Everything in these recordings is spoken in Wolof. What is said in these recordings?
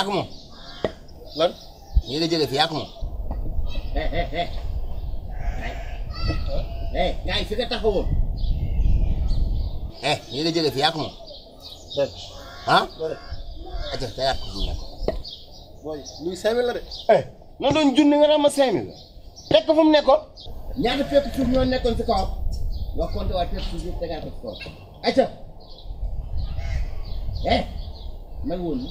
yaa ko moom lan ñu ngi la jëlee fi yaa ko moom. eh ngaay fi nga taxawoon. eh ñu ngi la jëlee fi yaa ko moom. dëgg ah. dëgg la ko fi mu nekk. booy luy cinq mille la de. eh na doon junni nga daan ma cinq mille la. teg ko fu mu nekkoon. ñaata fépp suuf ñoo nekkoon si kawam. nga compter waa fépp suuf yëpp tegaat ko si kawam. ayca eh man woon na.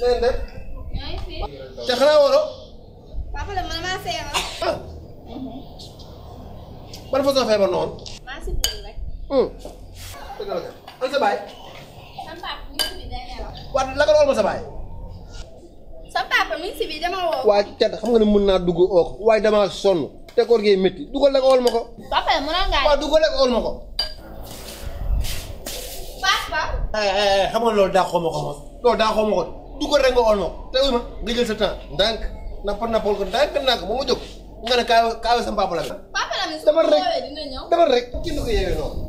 ngeen def. te xanaa waroo. papa la man maa feebar. ah. ban façon feebar noonu. maa si biir rek. dëgg la kay an sa baay. sa papa mi ngi si biir dana ma sa baay. sa papa mi ngi naa dugg oo ko waaye damaa sonn. te koor gi métti dugal ma ko. papa la mënoon ngaa. ma ko. papa. daa xamoo ko moom daa xamoo ko. du ko rek nga ol moom te ma nga jël sa temps ndànk napp nappal ko ndànk ndànk ba mu jóg nga ne kaawe kaawe sa papa la. papa la dama rek dama rek kenn du ko yeewee noonu.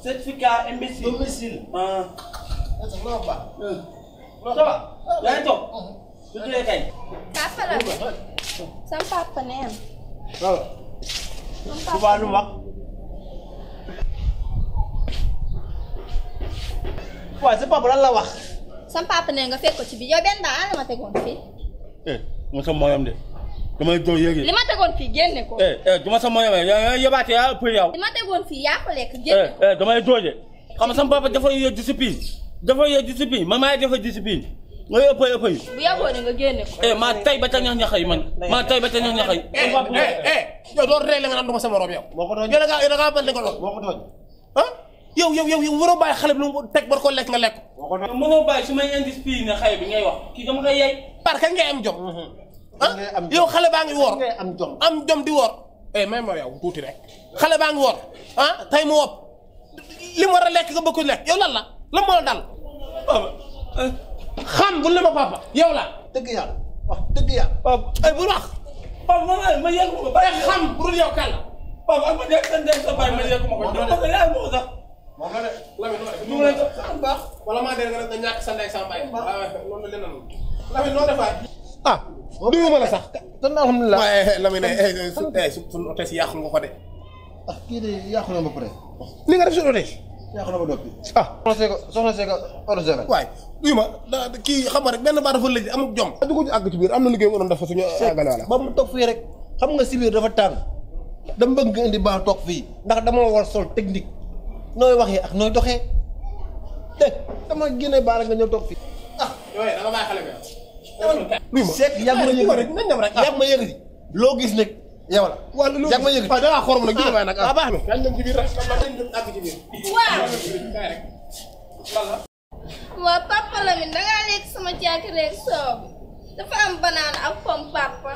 certificat imbécile imbécile ah lọ́ọ̀bà lọ́ọ̀bà lẹ́tọ̀ tuntun kai papa la san papa ne am lọ́ọ̀bà tuba nu ma wa se papa la wa san papa ne nga fekk ko ci bi yow benn daa la ma tegoon fii eh musa moyam de Eh, eh, eh, li ma tegoon fii génne ko. du ma sama yow yóbbaate yaa ëpp yow. li ma tegoon fii yaa ko lekk génne ko. damay jooje xam dafa yee discipline dafa dafa yi. bu yàggoo ne maa tay ba ca ñax ñax yi man maa tay ba ca ñax nga naan du ma sama morom yow. moo ko doon yow da ngaa da ngaa mel ni ko doon. moo ko doon ah. yow yow yow waroo bàyyi xale bi teg war ko lekk nga lekk. moo ko doon mënoo bàyyi su may indiscipline xale bi ngay wax kii dama koy yey. parce que ngay am jom mm-hmm. yow xale baa ngi woor am jom am jom di woor eh may ma yow tuuti rek xale baa ngi woor ah tey mu wopp li mu war a lekk nga bëgg ko lekk yow la lan moo la dal xam bu ne ma papa yow la dëgg yàlla wax dëgg yàlla papa ay bu wax papa man ma yeggu ma ba eh, xam bu dul yow kan la papa ak ma dégg sa ndey sa bàyyi ma yeggu ma ko parce que yaay ma ko sax moom la de ñu leen sax baax maa dégg nga ñàkk sa ndey sa bàyyi ah duma la sax tan alhamdullilah waaye eh, eh, la muy eh, ne sunu ya, nga ko de ah kii de ya, yàqu na ba pare li nga def sunu hôtesse yàqu ya, na ba noppi ah soxna seega soxna seega hors de waay iya, duy ma kii xam nga rek benn baa dafa lëj amul jom du ko àgg ci biir am na liggéey dafa suñu àggale wala ba mu rek xam nga si dafa tàng dama bëgg indi baa toog fii ndax dama war sol technique nooy waxee ak nooy doxee dama génne baa nga ñëw toog fii ah yooyu da nga bàyyi xale bi ma seet yàgg ma yëg nañ dem rek yàgg ma loo gis yow la. wala loo ma yëg waaw dangaa xorom nag jiw ah. ah, baax na. dañ dem dafa am banaan ak pom papa.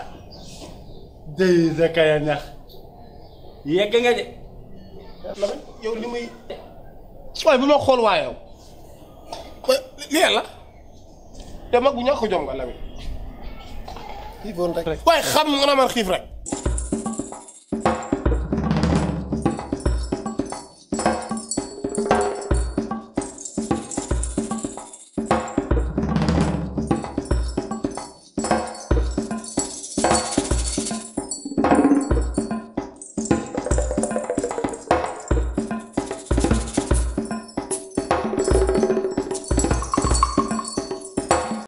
jëy sa kaya ñax yegg nga de. yow li muy. waaye bu ma xool waa yow. lii la. te mag bu ñàkk xiifoon rek waaye xam nga man xiif rek.